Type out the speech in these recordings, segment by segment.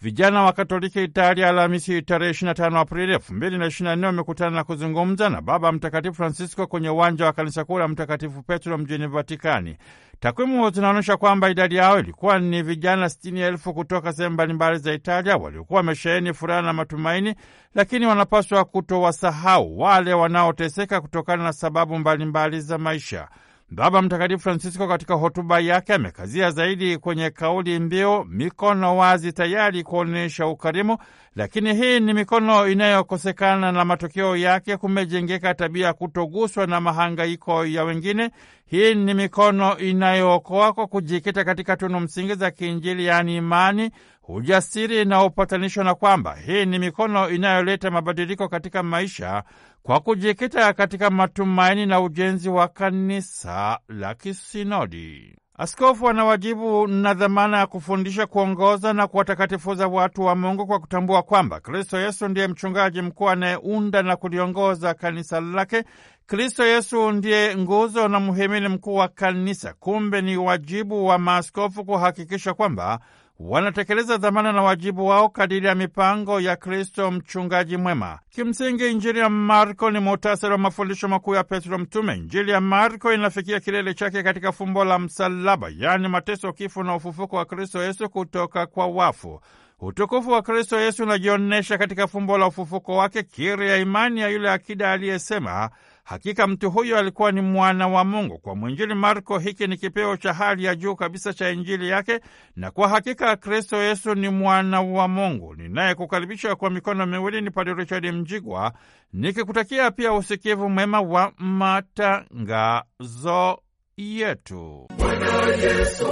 Vijana wa Katoliki Italia Alhamisi tarehe 25 Aprili 2024 wamekutana na kuzungumza na Baba Mtakatifu Francisco kwenye uwanja wa kanisa kuu la Mtakatifu Petro mjini Vatikani. Takwimu zinaonyesha kwamba idadi yao ilikuwa ni vijana sitini elfu kutoka sehemu mbalimbali za Italia waliokuwa wamesheheni furaha na matumaini, lakini wanapaswa kutowasahau wale wanaoteseka kutokana na sababu mbalimbali mbali za maisha. Baba Mtakatifu Francisco katika hotuba yake amekazia zaidi kwenye kauli mbiu mikono wazi tayari kuonyesha ukarimu, lakini hii ni mikono inayokosekana na matokeo yake kumejengeka tabia ya kutoguswa na mahangaiko ya wengine. Hii ni mikono inayookoa kwa kujikita katika tunu msingi za kiinjili, yaani imani, ujasiri na upatanisho, na kwamba hii ni mikono inayoleta mabadiliko katika maisha kwa kujikita katika matumaini na ujenzi wa kanisa la kisinodi. Askofu wajibu na dhamana ya kufundisha, kuongoza na kuwatakatifuza watu wa Mungu kwa kutambua kwamba Kristo Yesu ndiye mchungaji mkuu anayeunda na kuliongoza kanisa lake. Kristo Yesu ndiye nguzo na muhimili mkuu wa kanisa. Kumbe ni wajibu wa maaskofu kuhakikisha kwamba wanatekeleza dhamana na wajibu wao kadiri ya mipango ya Kristo mchungaji mwema. Kimsingi, Injili ya Marko ni muhtasari wa mafundisho makuu ya Petro Mtume. Injili ya Marko inafikia kilele chake katika fumbo la msalaba, yaani mateso, kifo na ufufuko wa Kristo Yesu kutoka kwa wafu. Utukufu wa Kristo Yesu unajionyesha katika fumbo la ufufuko wake, kiri ya imani ya yule akida aliyesema Hakika mtu huyo alikuwa ni mwana wa Mungu. Kwa mwinjili Marko, hiki ni kipeo cha hali ya juu kabisa cha injili yake, na kwa hakika Kristo Yesu ni mwana wa Mungu. Ninayekukaribisha kwa mikono miwili ni Padre Richard Mjigwa, nikikutakia pia usikivu mwema wa matangazo yetu. Bwana Yesu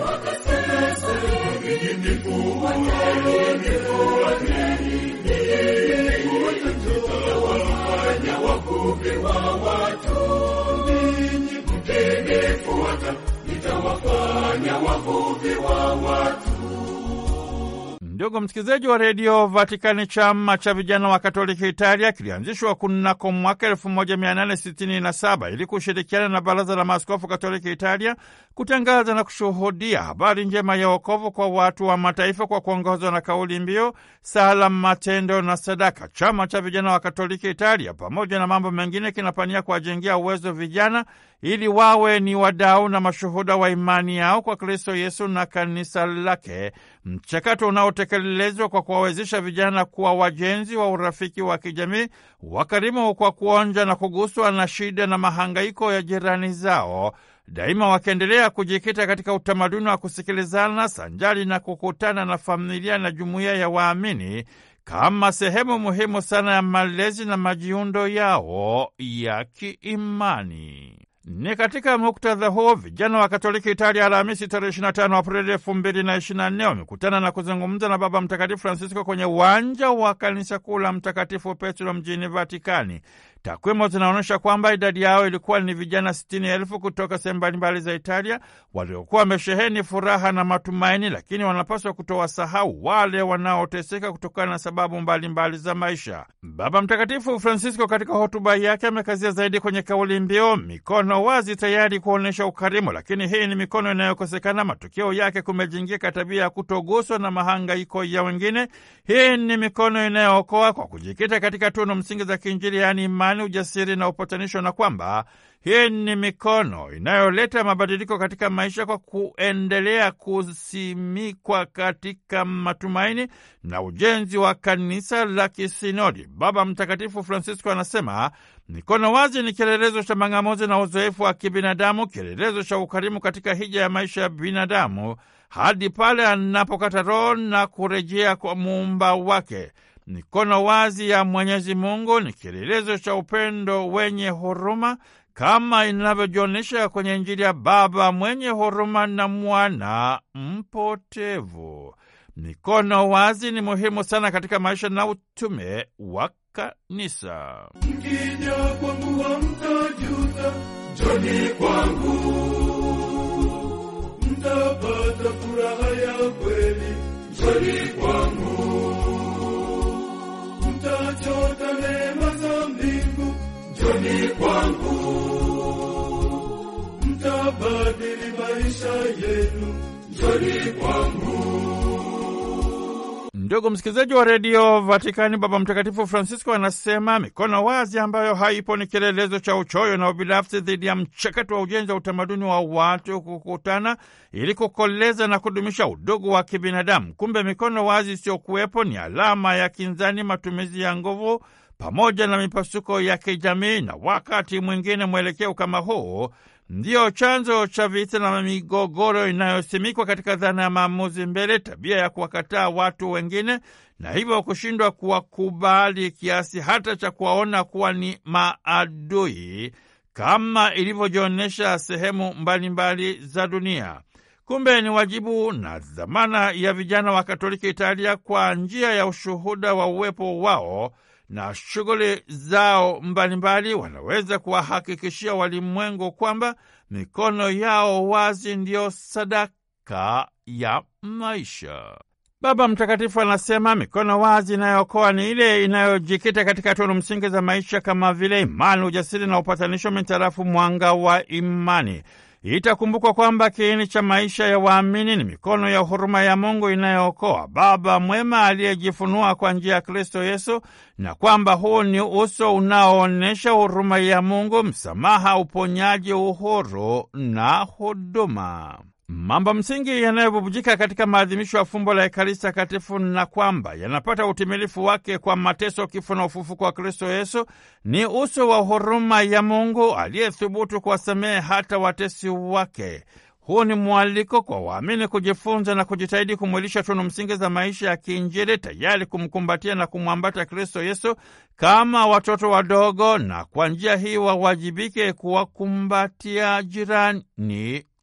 Ujumbe wa watu ninyi mtengefuata, nitawafanya wavuvi wa Ndugu msikilizaji wa redio Vatikani, chama cha vijana wa Katoliki Italia kilianzishwa kunako mwaka 1867 ili kushirikiana na baraza la maaskofu Katoliki Italia kutangaza na kushuhudia habari njema ya wokovu kwa watu wa mataifa kwa kuongozwa na kauli mbiu sala, matendo na sadaka. Chama cha vijana wa Katoliki Italia, pamoja na mambo mengine, kinapania kuwajengea uwezo vijana ili wawe ni wadau na mashuhuda wa imani yao kwa Kristo Yesu na kanisa lake, mchakato unaotekelezwa kwa kuwawezesha vijana kuwa wajenzi wa urafiki wa kijamii, wakarimu kwa kuonja na kuguswa na shida na mahangaiko ya jirani zao, daima wakiendelea kujikita katika utamaduni wa kusikilizana sanjali na kukutana na familia na jumuiya ya waamini kama sehemu muhimu sana ya malezi na majiundo yao ya kiimani. Ni katika muktadha huo vijana wa Katoliki Italia Alhamisi tarehe 25 Aprili 2024 wamekutana na kuzungumza na Baba Mtakatifu Francisco kwenye uwanja wa kanisa kuu la Mtakatifu Petro mjini Vatikani. Takwimu zinaonyesha kwamba idadi yao ilikuwa ni vijana sitini elfu kutoka sehemu mbalimbali za Italia waliokuwa wamesheheni furaha na matumaini, lakini wanapaswa kutowasahau wale wanaoteseka kutokana na sababu mbalimbali mbali za maisha. Baba Mtakatifu Francisco katika hotuba yake amekazia zaidi kwenye kauli mbiu mikono wazi tayari kuonyesha ukarimu, lakini hii ni mikono inayokosekana. Matokeo yake kumejingika tabia ya kutoguswa na mahangaiko ya wengine. Hii ni mikono inayookoa kwa kujikita katika tunu msingi za kiinjili, yaani imani imani, ujasiri na upatanisho, na kwamba hii ni mikono inayoleta mabadiliko katika maisha kwa kuendelea kusimikwa katika matumaini na ujenzi wa kanisa la kisinodi. Baba Mtakatifu Francisco anasema mikono wazi ni kielelezo cha mang'amuzi na uzoefu wa kibinadamu, kielelezo cha ukarimu katika hija ya maisha ya binadamu hadi pale anapokata roho na kurejea kwa muumba wake. Mikono wazi ya Mwenyezi Mungu ni kielelezo cha upendo wenye huruma kama inavyojionyesha kwenye Injili ya Baba mwenye huruma na mwana mpotevu. Mikono wazi ni muhimu sana katika maisha na utume wa Kanisa. Mkija kwangu hamtajuta, njoni kwangu mtapata furaha ya kweli, njoni kwangu machoni kwangu, mtabadili maisha yenu, njoni kwangu. Ndugu msikilizaji wa redio Vatikani, Baba Mtakatifu Francisco anasema mikono wazi ambayo haipo ni kielelezo cha uchoyo na ubinafsi dhidi ya mchakato wa ujenzi wa utamaduni wa watu kukutana ili kukoleza na kudumisha udugu wa kibinadamu. Kumbe mikono wazi isiyokuwepo ni alama ya kinzani, matumizi ya nguvu pamoja na mipasuko ya kijamii, na wakati mwingine mwelekeo kama huu ndiyo chanzo cha vita na migogoro inayosimikwa katika dhana ya maamuzi mbele, tabia ya kuwakataa watu wengine na hivyo kushindwa kuwakubali kiasi hata cha kuwaona kuwa ni maadui, kama ilivyojionyesha sehemu mbalimbali za dunia. Kumbe ni wajibu na dhamana ya vijana wa Katoliki Italia kwa njia ya ushuhuda wa uwepo wao na shughuli zao mbalimbali, wanaweza kuwahakikishia walimwengu kwamba mikono yao wazi ndiyo sadaka ya maisha. Baba Mtakatifu anasema mikono wazi inayokoa ni ile inayojikita katika tunu msingi za maisha kama vile imani, ujasiri na upatanisho, mitarafu mwanga wa imani. Itakumbukwa kwamba kiini cha maisha ya waamini ni mikono ya huruma ya Mungu inayookoa, Baba mwema aliyejifunua kwa njia ya Kristo Yesu, na kwamba huu ni uso unaoonyesha huruma ya Mungu, msamaha, uponyaji, uhuru na huduma mambo msingi yanayobubujika katika maadhimisho ya fumbo la Ekaristi Takatifu na kwamba yanapata utimilifu wake kwa mateso, kifo na ufufuko wa Kristo Yesu ni uso wa huruma ya Mungu aliyethubutu kuwasamehe hata watesi wake. Huu ni mwaliko kwa waamini kujifunza na kujitahidi kumwilisha tunu msingi za maisha ya kiinjili, tayari kumkumbatia na kumwambata Kristo Yesu kama watoto wadogo, na kwa njia hii wawajibike kuwakumbatia jirani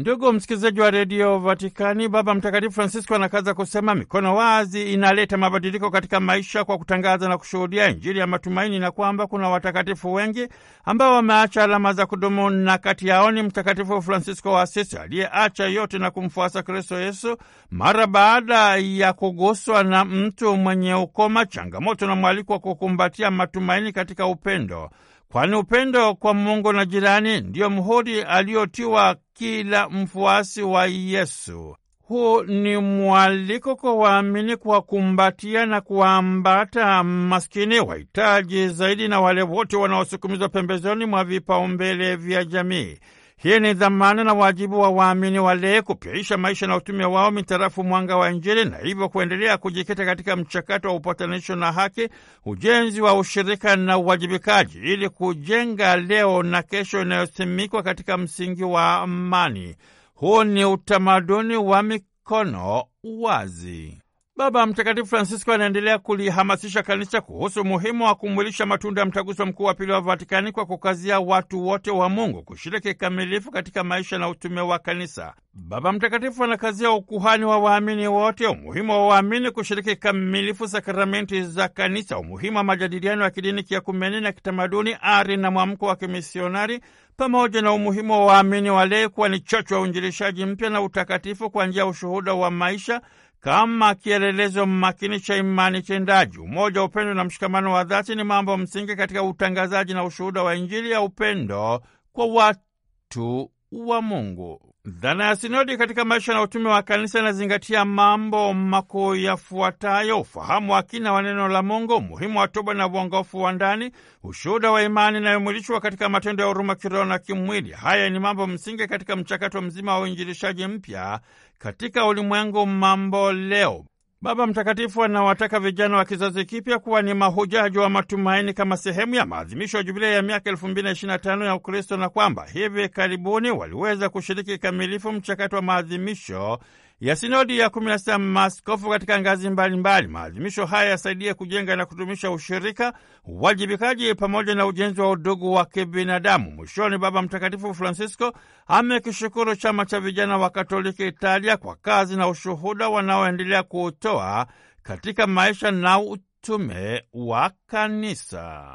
Ndugu msikilizaji wa redio Vatikani, Baba Mtakatifu Francisco anakaza kusema mikono wazi inaleta mabadiliko katika maisha kwa kutangaza na kushuhudia Injili ya matumaini, na kwamba kuna watakatifu wengi ambao wameacha alama za kudumu, na kati yao ni Mtakatifu Francisco wa Asisi aliyeacha yote na kumfuasa Kristo Yesu mara baada ya kuguswa na mtu mwenye ukoma, changamoto na mwaliko wa kukumbatia matumaini katika upendo kwani upendo kwa Mungu na jirani ndiyo muhuri aliotiwa kila mfuasi wa Yesu. Huu ni mwaliko kwa waamini kuwakumbatia na kuwaambata maskini, wahitaji zaidi na wale wote wanaosukumizwa pembezoni mwa vipaumbele vya jamii. Hii ni dhamana na wajibu wa waamini walei kupyaisha maisha na utume wao mitarafu mwanga wa Injili na hivyo kuendelea kujikita katika mchakato wa upatanisho na haki, ujenzi wa ushirika na uwajibikaji, ili kujenga leo na kesho inayosimikwa katika msingi wa amani. Huu ni utamaduni wa mikono wazi. Baba Mtakatifu Francisco anaendelea kulihamasisha kanisa kuhusu umuhimu wa kumwilisha matunda ya mtaguso mkuu wa pili wa Vatikani kwa kukazia watu wote wa Mungu kushiriki kikamilifu katika maisha na utume wa kanisa. Baba Mtakatifu anakazia ukuhani wa waamini wote, umuhimu wa waamini kushiriki kikamilifu sakramenti za kanisa, umuhimu wa majadiliano ya kidini, kiakumeni na kitamaduni, ari na mwamko wa kimisionari, pamoja na umuhimu wa waamini walei kuwa ni chocho wa uinjilishaji mpya na utakatifu kwa njia ya ushuhuda wa maisha kama kielelezo makini cha imani tendaji. Umoja, upendo na mshikamano wa dhati ni mambo msingi katika utangazaji na ushuhuda wa Injili ya upendo kwa watu wa Mungu. Dhana ya sinodi katika maisha na utume wa kanisa inazingatia mambo makuu yafuatayo: ufahamu wa kina wa neno la Mungu, umuhimu wa toba na uongofu wa ndani, ushuhuda wa imani inayomwilishwa katika matendo ya huruma kiroho na kimwili. Haya ni mambo msingi katika mchakato mzima wa uinjilishaji mpya katika ulimwengu mambo leo. Baba Mtakatifu anawataka vijana wa kizazi kipya kuwa ni mahujaji wa matumaini kama sehemu ya maadhimisho ya jubilei ya miaka 2025 ya Ukristo na kwamba hivi karibuni waliweza kushiriki kikamilifu mchakato wa maadhimisho ya sinodi ya 16 maskofu katika ngazi mbalimbali. Maadhimisho haya yasaidie kujenga na kudumisha ushirika, uwajibikaji pamoja na ujenzi wa udugu wa kibinadamu. Mwishoni, Baba Mtakatifu Francisco amekishukuru chama cha vijana wa Katoliki Italia kwa kazi na ushuhuda wanaoendelea kuutoa katika maisha na utume wa kanisa.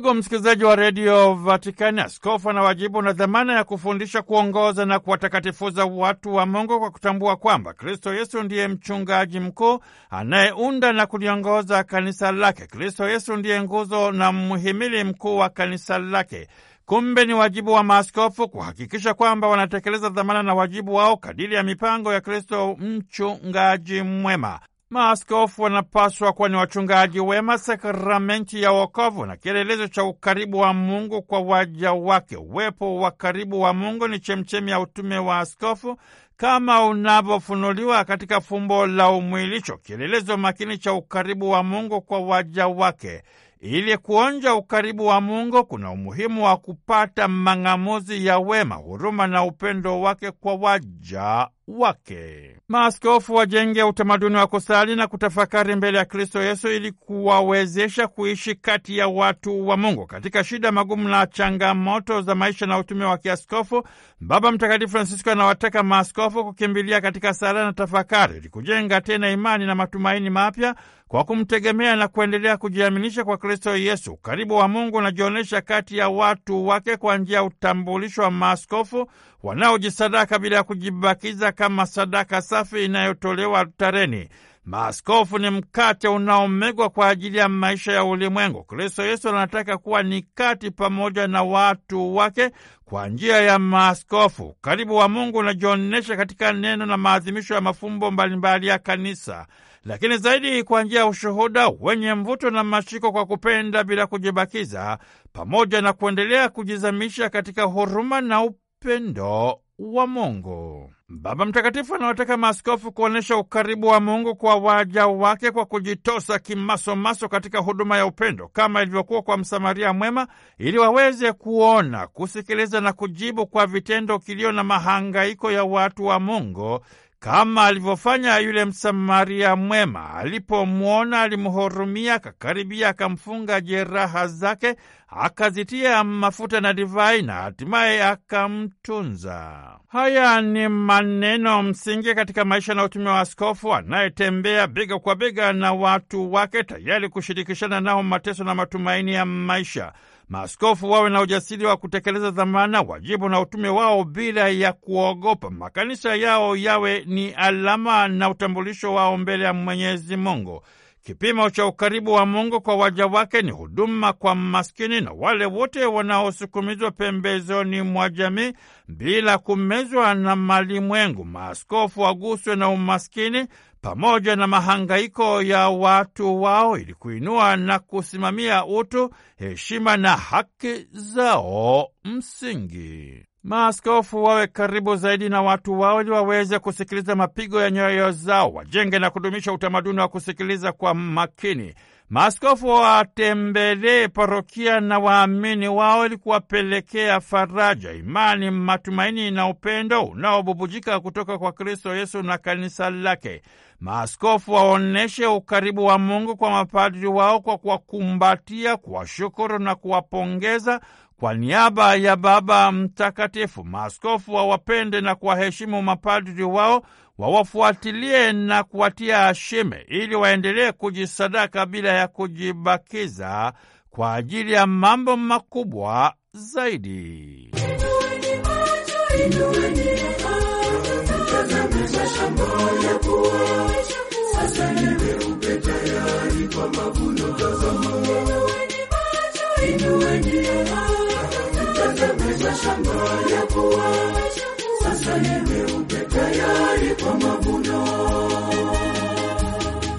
Ndugu msikilizaji wa redio Vatikani, askofu wajibu na dhamana ya kufundisha, kuongoza na kuwatakatifuza watu wa Mungu kwa kutambua kwamba Kristo Yesu ndiye mchungaji mkuu anayeunda na kuliongoza kanisa lake. Kristo Yesu ndiye nguzo na mhimili mkuu wa kanisa lake. Kumbe ni wajibu wa maaskofu kuhakikisha kwamba wanatekeleza dhamana na wajibu wao kadiri ya mipango ya Kristo mchungaji mwema. Maaskofu wanapaswa kuwa ni wachungaji wema, sakramenti ya wokovu na kielelezo cha ukaribu wa Mungu kwa waja wake. Uwepo wa karibu wa Mungu ni chemchemi ya utume wa askofu kama unavyofunuliwa katika fumbo la umwilisho, kielelezo makini cha ukaribu wa Mungu kwa waja wake. Ili kuonja ukaribu wa Mungu kuna umuhimu wa kupata mang'amuzi ya wema, huruma na upendo wake kwa waja wake. Maaskofu wajenge utamaduni wa kusali na kutafakari mbele ya Kristo Yesu ili kuwawezesha kuishi kati ya watu wa Mungu. Katika shida, magumu na changamoto za maisha na utume wa kiaskofu, Baba Mtakatifu Francisco anawataka maaskofu kukimbilia katika sala na tafakari ili kujenga tena imani na matumaini mapya kwa kumtegemea na kuendelea kujiaminisha kwa Kristo Yesu. Karibu wa Mungu unajionyesha kati ya watu wake kwa njia ya utambulisho wa maaskofu wanaojisadaka bila ya kujibakiza, kama sadaka safi inayotolewa altareni. Maaskofu ni mkate unaomegwa kwa ajili ya maisha ya ulimwengu. Kristo Yesu anataka kuwa ni kati pamoja na watu wake kwa njia ya maaskofu. Karibu wa Mungu unajionyesha katika neno na maadhimisho ya mafumbo mbalimbali ya kanisa, lakini zaidi kwa njia ya ushuhuda wenye mvuto na mashiko, kwa kupenda bila kujibakiza, pamoja na kuendelea kujizamisha katika huruma na upendo wa Mungu. Baba Mtakatifu anawataka maaskofu kuonyesha ukaribu wa Mungu kwa waja wake kwa kujitosa kimasomaso katika huduma ya upendo kama ilivyokuwa kwa Msamaria mwema, ili waweze kuona, kusikiliza na kujibu kwa vitendo kilio na mahangaiko ya watu wa Mungu kama alivyofanya yule Msamaria mwema. Alipomwona alimhurumia, akakaribia, akamfunga jeraha zake, akazitia mafuta na divai na hatimaye akamtunza. Haya ni maneno msingi katika maisha na utumi wa askofu anayetembea bega kwa bega na watu wake, tayari kushirikishana nao mateso na matumaini ya maisha maaskofu wawe na ujasiri wa kutekeleza dhamana, wajibu na utume wao bila ya kuogopa. Makanisa yao yawe ni alama na utambulisho wao mbele ya Mwenyezi Mungu. Kipimo cha ukaribu wa Mungu kwa waja wake ni huduma kwa maskini na wale wote wanaosukumizwa pembezoni mwa jamii bila kumezwa na malimwengu. Maaskofu waguswe na umaskini pamoja na mahangaiko ya watu wao ili kuinua na kusimamia utu, heshima na haki zao msingi. Maaskofu wawe karibu zaidi na watu wao ili waweze kusikiliza mapigo ya nyoyo zao, wajenge na kudumisha utamaduni wa kusikiliza kwa makini. Maaskofu watembelee parokia na waamini wao ili kuwapelekea faraja, imani, matumaini na upendo unaobubujika kutoka kwa Kristo Yesu na kanisa lake. Maaskofu waoneshe ukaribu wa Mungu kwa mapadri wao kwa kuwakumbatia, kuwashukuru na kuwapongeza kwa niaba ya Baba Mtakatifu, maaskofu wawapende na kuwaheshimu mapadri wao, wawafuatilie na kuwatia ashime, ili waendelee kujisadaka bila ya kujibakiza kwa ajili ya mambo makubwa zaidi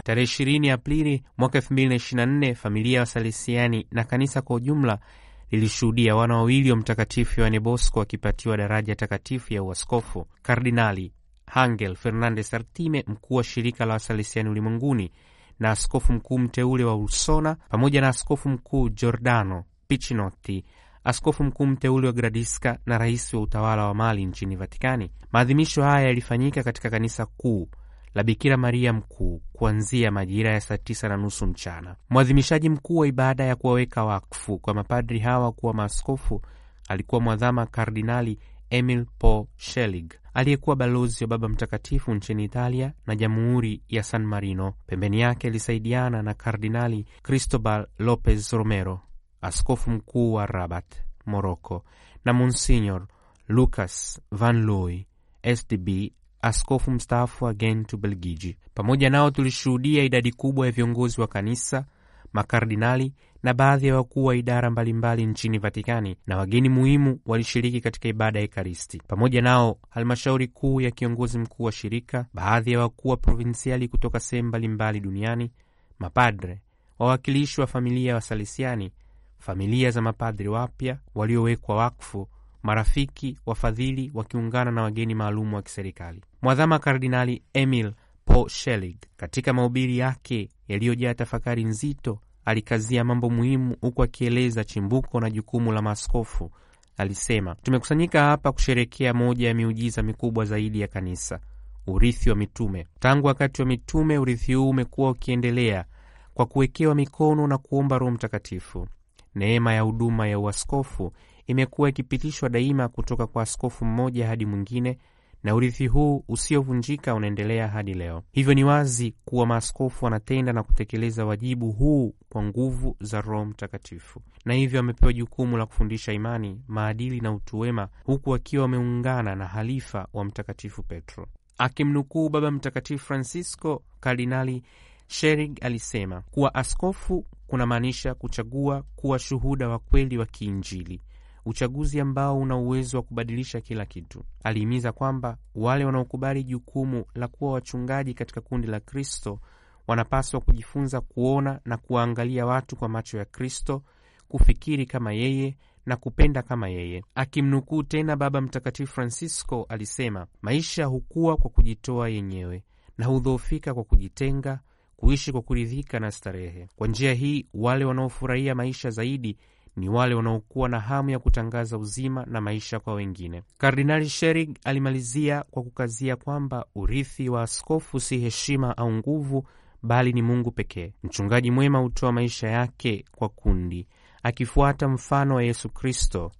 tarehe ishirini Aprili mwaka elfu mbili na kwa na nne Aprili familia ya Wasalesiani na kanisa kwa ujumla lilishuhudia wana wawili wa Mtakatifu Yohane Bosco wakipatiwa daraja takatifu ya uaskofu. Kardinali Angel Fernandez Artime, mkuu wa shirika la Wasalesiani ulimwenguni na askofu mkuu mteule wa Ursona, pamoja na askofu mkuu Giordano pichinoti askofu mkuu mteuli wa Gradiska na rais wa utawala wa Mali nchini Vatikani. Maadhimisho haya yalifanyika katika kanisa kuu la Bikira Maria Mkuu kuanzia majira ya saa tisa na nusu mchana. Mwadhimishaji mkuu wa ibada ya kuwaweka wakfu kwa mapadri hawa kuwa maaskofu alikuwa mwadhama Kardinali Emil Paul Selig aliyekuwa balozi wa Baba Mtakatifu nchini Italia na Jamhuri ya San Marino. Pembeni yake alisaidiana na Kardinali Cristobal Lopez Romero askofu mkuu wa Rabat, Morocco, na Monsignor Lucas Van Looy, SDB, askofu mstaafu wa gentu Ubelgiji. Pamoja nao tulishuhudia idadi kubwa ya viongozi wa kanisa, makardinali na baadhi ya wakuu wa idara mbalimbali nchini Vatikani na wageni muhimu walishiriki katika ibada ya Ekaristi. Pamoja nao halmashauri kuu ya kiongozi mkuu wa shirika, baadhi ya wakuu wa provinsiali kutoka sehemu mbalimbali duniani, mapadre, wawakilishi wa familia wasalesiani familia za mapadhri wapya waliowekwa wakfu, marafiki, wafadhili wakiungana na wageni maalum wa kiserikali. Mwadhama Kardinali Emil Paul Shelig katika mahubiri yake yaliyojaa tafakari nzito alikazia mambo muhimu, huku akieleza chimbuko na jukumu la maaskofu. Alisema, tumekusanyika hapa kusherekea moja ya miujiza mikubwa zaidi ya kanisa, urithi wa mitume. Tangu wakati wa mitume, urithi huu umekuwa ukiendelea kwa kuwekewa mikono na kuomba Roho Mtakatifu. Neema ya huduma ya uaskofu imekuwa ikipitishwa daima kutoka kwa askofu mmoja hadi mwingine, na urithi huu usiovunjika unaendelea hadi leo. Hivyo ni wazi kuwa maaskofu wanatenda na kutekeleza wajibu huu kwa nguvu za Roho Mtakatifu, na hivyo wamepewa jukumu la kufundisha imani, maadili na utu wema, huku wakiwa wameungana na halifa wa Mtakatifu Petro. Akimnukuu Baba Mtakatifu Francisco, Kardinali Sherig alisema kuwa askofu kunamaanisha kuchagua kuwa shuhuda wa kweli wa kiinjili, uchaguzi ambao una uwezo wa kubadilisha kila kitu. Alihimiza kwamba wale wanaokubali jukumu la kuwa wachungaji katika kundi la Kristo wanapaswa kujifunza kuona na kuwaangalia watu kwa macho ya Kristo, kufikiri kama yeye na kupenda kama yeye. Akimnukuu tena Baba Mtakatifu Francisco alisema, maisha hukua kwa kujitoa yenyewe na hudhoofika kwa kujitenga kuishi kwa kuridhika na starehe. Kwa njia hii, wale wanaofurahia maisha zaidi ni wale wanaokuwa na hamu ya kutangaza uzima na maisha kwa wengine. Kardinali Sherig alimalizia kwa kukazia kwamba urithi wa askofu si heshima au nguvu, bali ni Mungu pekee. Mchungaji mwema hutoa maisha yake kwa kundi, akifuata mfano wa Yesu Kristo.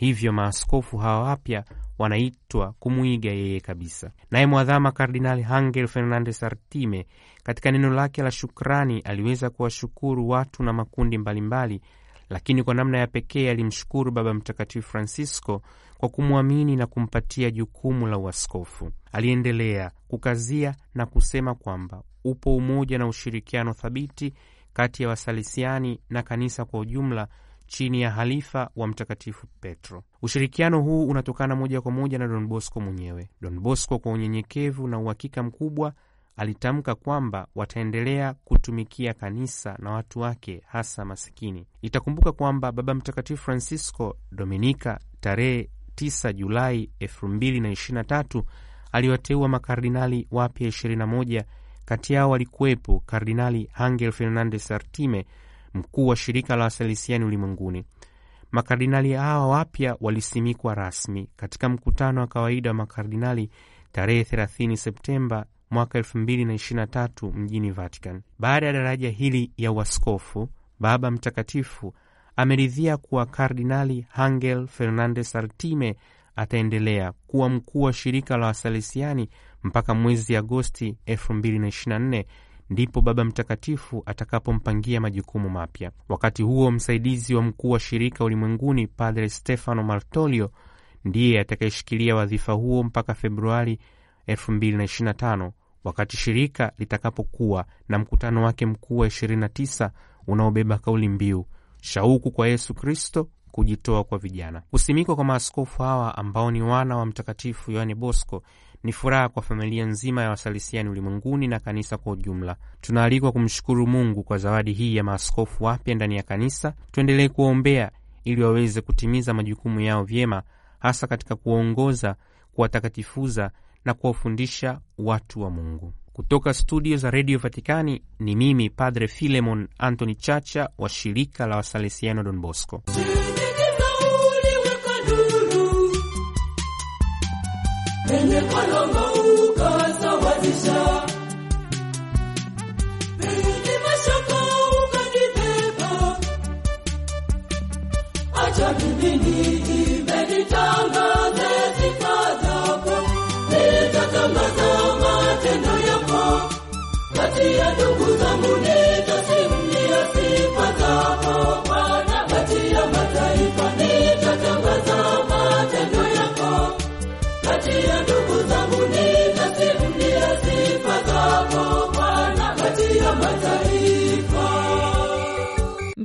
Hivyo maaskofu hawa wapya wanaitwa kumwiga yeye kabisa. Naye mwadhama Kardinali Angel Fernandez Artime, katika neno lake la shukrani, aliweza kuwashukuru watu na makundi mbalimbali mbali, lakini kwa namna ya pekee alimshukuru Baba Mtakatifu Francisco kwa kumwamini na kumpatia jukumu la uaskofu. Aliendelea kukazia na kusema kwamba upo umoja na ushirikiano thabiti kati ya wasalisiani na kanisa kwa ujumla chini ya halifa wa Mtakatifu Petro. Ushirikiano huu unatokana moja kwa moja na Don Bosco mwenyewe. Don Bosco kwa unyenyekevu na uhakika mkubwa alitamka kwamba wataendelea kutumikia kanisa na watu wake hasa masikini. Itakumbuka kwamba Baba Mtakatifu Francisco Dominika tarehe 9 Julai 2023 aliwateua makardinali wapya 21. Kati yao walikuwepo Kardinali Angel Fernandez Artime mkuu wa shirika la Wasalesiani ulimwenguni. Makardinali hawa wapya walisimikwa rasmi katika mkutano wa kawaida wa makardinali tarehe 30 Septemba mwaka 2023 mjini Vatican. Baada ya daraja hili ya uaskofu, Baba Mtakatifu ameridhia kuwa Kardinali Angel Fernandez Artime ataendelea kuwa mkuu wa shirika la Wasalesiani mpaka mwezi Agosti 2024 ndipo Baba Mtakatifu atakapompangia majukumu mapya. Wakati huo msaidizi wa mkuu wa shirika ulimwenguni, Padre Stefano Martolio, ndiye atakayeshikilia wadhifa huo mpaka Februari 2025 wakati shirika litakapokuwa na mkutano wake mkuu wa 29 unaobeba kauli mbiu shauku kwa Yesu Kristo, kujitoa kwa vijana. Kusimikwa kwa maaskofu hawa ambao ni wana wa Mtakatifu Yohane Bosco ni furaha kwa familia nzima ya Wasalesiani ulimwenguni na kanisa kwa ujumla. Tunaalikwa kumshukuru Mungu kwa zawadi hii ya maaskofu wapya ndani ya kanisa. Tuendelee kuwaombea ili waweze kutimiza majukumu yao vyema, hasa katika kuwaongoza, kuwatakatifuza na kuwafundisha watu wa Mungu. Kutoka studio za redio Vatikani ni mimi Padre Filemon Anthony Chacha wa shirika la Wasalesiano Don Bosco. Nimekolonga uko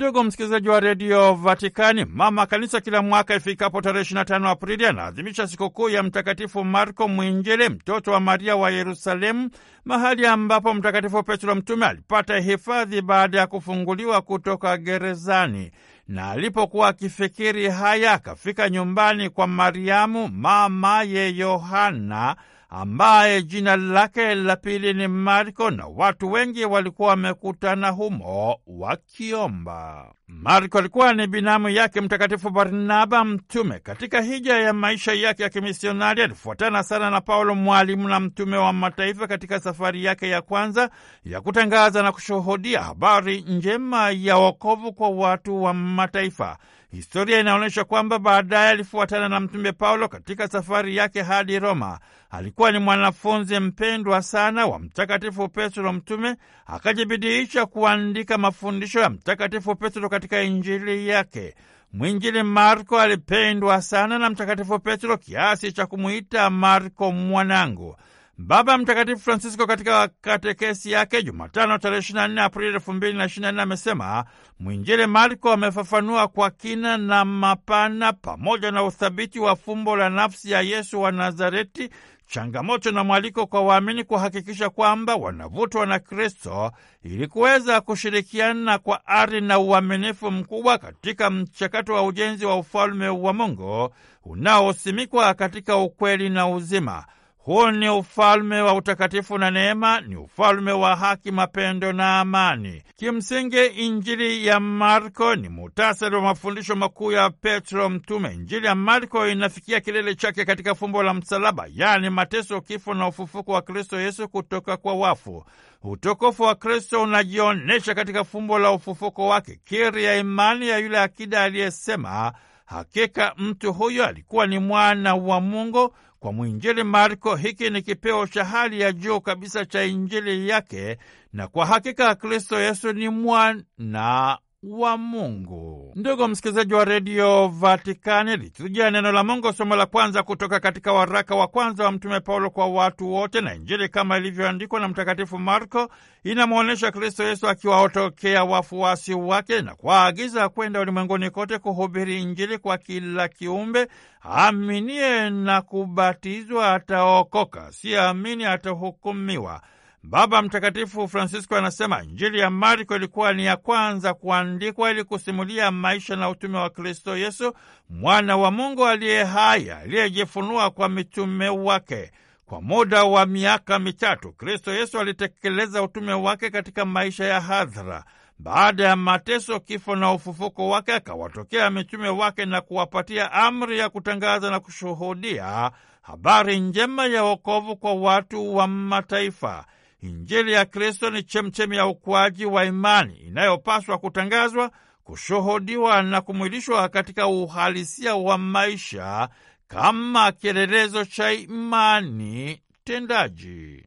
Ndugu msikilizaji wa redio Vatikani, mama kanisa kila mwaka ifikapo tarehe 25 Aprili anaadhimisha sikukuu ya Mtakatifu Marko Mwinjili, mtoto wa Maria wa Yerusalemu, mahali ambapo Mtakatifu Petro Mtume alipata hifadhi baada ya kufunguliwa kutoka gerezani. Na alipokuwa akifikiri haya, akafika nyumbani kwa Mariamu mama ye Yohana ambaye jina lake la pili ni Marko, na watu wengi walikuwa wamekutana humo wakiomba. Marko alikuwa ni binamu yake Mtakatifu Barnaba Mtume. Katika hija ya maisha yake ya kimisionari alifuatana sana na Paulo, mwalimu na mtume wa mataifa, katika safari yake ya kwanza ya kutangaza na kushuhudia habari njema ya wokovu kwa watu wa mataifa. Historia inaonyesha kwamba baadaye alifuatana na Mtume Paulo katika safari yake hadi Roma. Alikuwa ni mwanafunzi mpendwa sana wa Mtakatifu Petro Mtume, akajibidiisha kuandika mafundisho ya Mtakatifu Petro katika Injili yake. Mwinjili Marko alipendwa sana na Mtakatifu Petro kiasi cha kumuita Marko mwanangu. Baba Mtakatifu Francisco katika katekesi yake Jumatano tarehe 24 Aprili 2024 amesema mwinjili Marko amefafanua kwa kina na mapana, pamoja na uthabiti wa fumbo la nafsi ya Yesu wa Nazareti, changamoto na mwaliko kwa waamini kuhakikisha kwamba wanavutwa na Kristo ili kuweza kushirikiana kwa ari na uaminifu mkubwa katika mchakato wa ujenzi wa ufalme wa Mungu unaosimikwa katika ukweli na uzima. Huu ni ufalme wa utakatifu na neema, ni ufalme wa haki, mapendo na amani. Kimsingi, Injili ya Marko ni muhtasari wa mafundisho makuu ya Petro Mtume. Injili ya Marko inafikia kilele chake katika fumbo la msalaba, yaani mateso, kifo na ufufuko wa Kristo Yesu kutoka kwa wafu. Utukufu wa Kristo unajionyesha katika fumbo la ufufuko wake, kiri ya imani ya yule akida aliyesema, hakika mtu huyo alikuwa ni mwana wa Mungu kwa mwinjili Marko, hiki ni kipeo cha hali ya juu kabisa cha injili yake, na kwa hakika Kristo Yesu ni mwana wa Mungu. Ndugu msikilizaji wa redio Vatikani, litujia neno la Mungu, somo la kwanza kutoka katika waraka wa kwanza wa Mtume Paulo kwa watu wote, na Injili kama ilivyoandikwa na Mtakatifu Marko inamwonyesha Kristo Yesu akiwaotokea wafuasi wake na kuwaagiza kwenda ulimwenguni kote kuhubiri Injili kwa kila kiumbe, aminie na kubatizwa ataokoka, siamini atahukumiwa. Baba Mtakatifu Francisco anasema Injili ya Marko ilikuwa ni ya kwanza kuandikwa ili kusimulia maisha na utume wa Kristo Yesu, mwana wa Mungu aliye hai, aliyejifunua kwa mitume wake. Kwa muda wa miaka mitatu, Kristo Yesu alitekeleza utume wake katika maisha ya hadhara. Baada ya mateso, kifo na ufufuko wake, akawatokea mitume wake na kuwapatia amri ya kutangaza na kushuhudia habari njema ya wokovu kwa watu wa mataifa. Injili ya Kristo ni chemchemi ya ukuaji wa imani inayopaswa kutangazwa, kushuhudiwa na kumwilishwa katika uhalisia wa maisha kama kielelezo cha imani tendaji.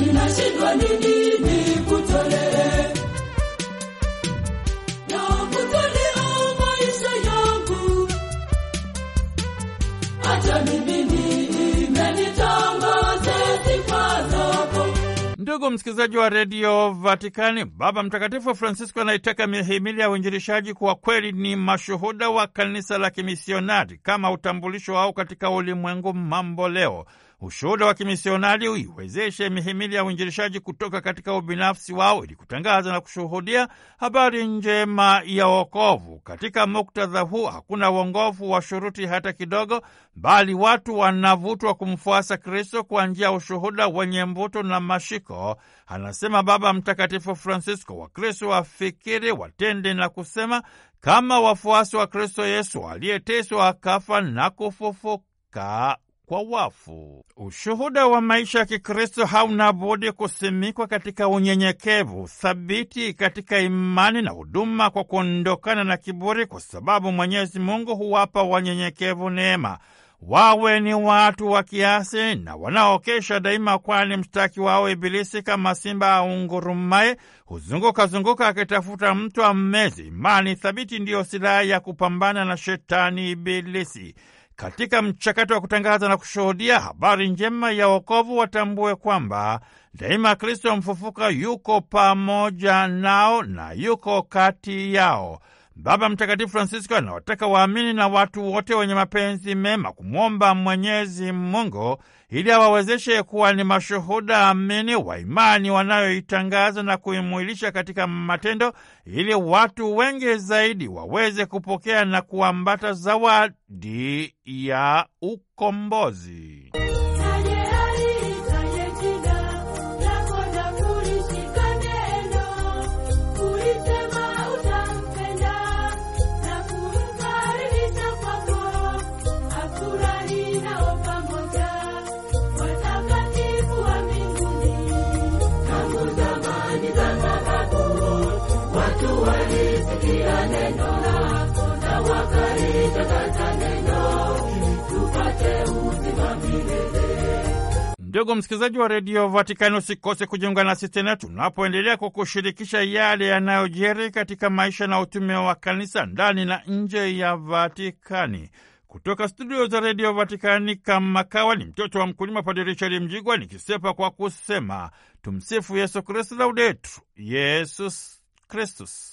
Ninashindwa ni nini kutolea Ndugu msikilizaji wa redio Vatikani, Baba Mtakatifu Francisco anaitaka mihimili ya uinjilishaji kuwa kweli ni mashuhuda wa kanisa la kimisionari kama utambulisho wao katika ulimwengu mambo leo ushuhuda wa kimisionari uiwezeshe mihimili ya uinjilishaji kutoka katika ubinafsi wao ili kutangaza na kushuhudia habari njema ya wokovu. Katika muktadha huu hakuna uongofu wa shuruti hata kidogo, bali watu wanavutwa kumfuasa Kristo kwa njia ya ushuhuda wenye mvuto na mashiko, anasema Baba Mtakatifu Francisco. Wakristo wafikiri, watende na kusema kama wafuasi wa Kristo Yesu aliyeteswa, akafa na kufufuka kwa wafu. Ushuhuda wa maisha ya Kikristo hauna budi kusimikwa katika unyenyekevu, thabiti katika imani na huduma, kwa kuondokana na kiburi, kwa sababu Mwenyezi Mungu huwapa wanyenyekevu neema. Wawe ni watu wa kiasi na wanaokesha daima, kwani mshtaki wao Ibilisi kama simba aungurumaye huzungukazunguka akitafuta mtu ammezi. Imani thabiti ndiyo silaha ya kupambana na shetani Ibilisi katika mchakato wa kutangaza na kushuhudia habari njema ya wokovu watambue kwamba daima Kristo mfufuka yuko pamoja nao na yuko kati yao. Baba Mtakatifu Francisco anawataka waamini na watu wote wenye mapenzi mema kumwomba Mwenyezi Mungu ili awawezeshe kuwa ni mashuhuda amini wa imani wanayoitangaza na kuimwilisha katika matendo, ili watu wengi zaidi waweze kupokea na kuambata zawadi ya ukombozi. Ndugu msikilizaji wa redio Vatikani, usikose kujiunga nasi tena tunapoendelea kukushirikisha yale yanayojiri katika maisha na utume wa kanisa ndani na nje ya Vatikani. Kutoka studio za redio Vatikani, kama kawa ni mtoto wa mkulima Padre Richard Mjigwa nikisepa kwa kusema tumsifu Yesu Kristu, laudetur Yesus Kristus.